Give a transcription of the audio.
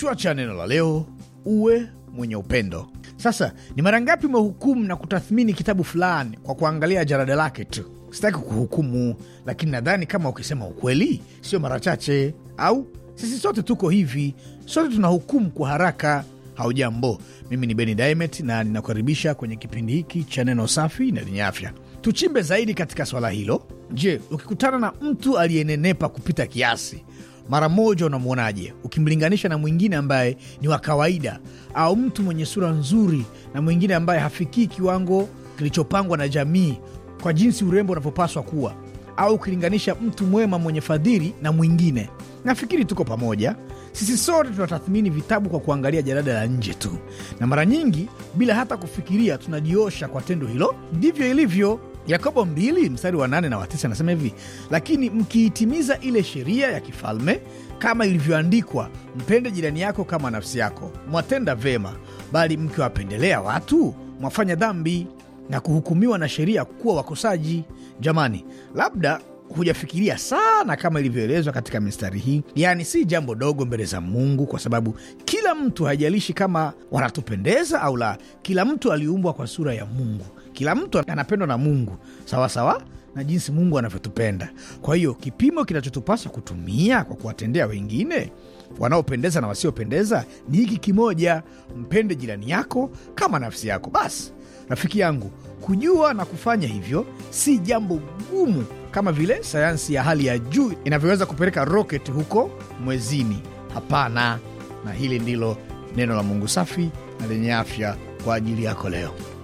Kichwa cha neno la leo, uwe mwenye upendo. Sasa ni mara ngapi umehukumu na kutathmini kitabu fulani kwa kuangalia jarada lake tu? Sitaki kuhukumu, lakini nadhani kama ukisema ukweli, sio mara chache, au sisi sote tuko hivi, sote tunahukumu kwa haraka. Haujambo, mimi ni Beni Dimet na ninakukaribisha kwenye kipindi hiki cha neno safi na lenye afya. Tuchimbe zaidi katika swala hilo. Je, ukikutana na mtu aliyenenepa kupita kiasi, mara moja unamwonaje ukimlinganisha na mwingine ambaye ni wa kawaida au mtu mwenye sura nzuri na mwingine ambaye hafikii kiwango kilichopangwa na jamii kwa jinsi urembo unavyopaswa kuwa au ukilinganisha mtu mwema mwenye fadhili na mwingine. Nafikiri tuko pamoja. Sisi sote tunatathmini vitabu kwa kuangalia jarada la nje tu, na mara nyingi bila hata kufikiria tunajiosha kwa tendo hilo. Ndivyo ilivyo. Yakobo 2 mstari wa 8 na wa 9 anasema hivi: lakini mkiitimiza ile sheria ya kifalme kama ilivyoandikwa, mpende jirani yako kama nafsi yako, mwatenda vema; bali mkiwapendelea watu, mwafanya dhambi na kuhukumiwa na sheria kuwa wakosaji. Jamani, labda hujafikiria sana kama ilivyoelezwa katika mistari hii. Yaani si jambo dogo mbele za Mungu, kwa sababu kila mtu, haijalishi kama wanatupendeza au la, kila mtu aliumbwa kwa sura ya Mungu kila mtu anapendwa na Mungu sawasawa sawa na jinsi Mungu anavyotupenda. Kwa hiyo kipimo kinachotupasa kutumia kwa kuwatendea wengine wanaopendeza na wasiopendeza ni hiki kimoja: mpende jirani yako kama nafsi yako. Basi rafiki yangu, kujua na kufanya hivyo si jambo gumu kama vile sayansi ya hali ya juu inavyoweza kupeleka roketi huko mwezini. Hapana. Na hili ndilo neno la Mungu safi na lenye afya kwa ajili yako leo.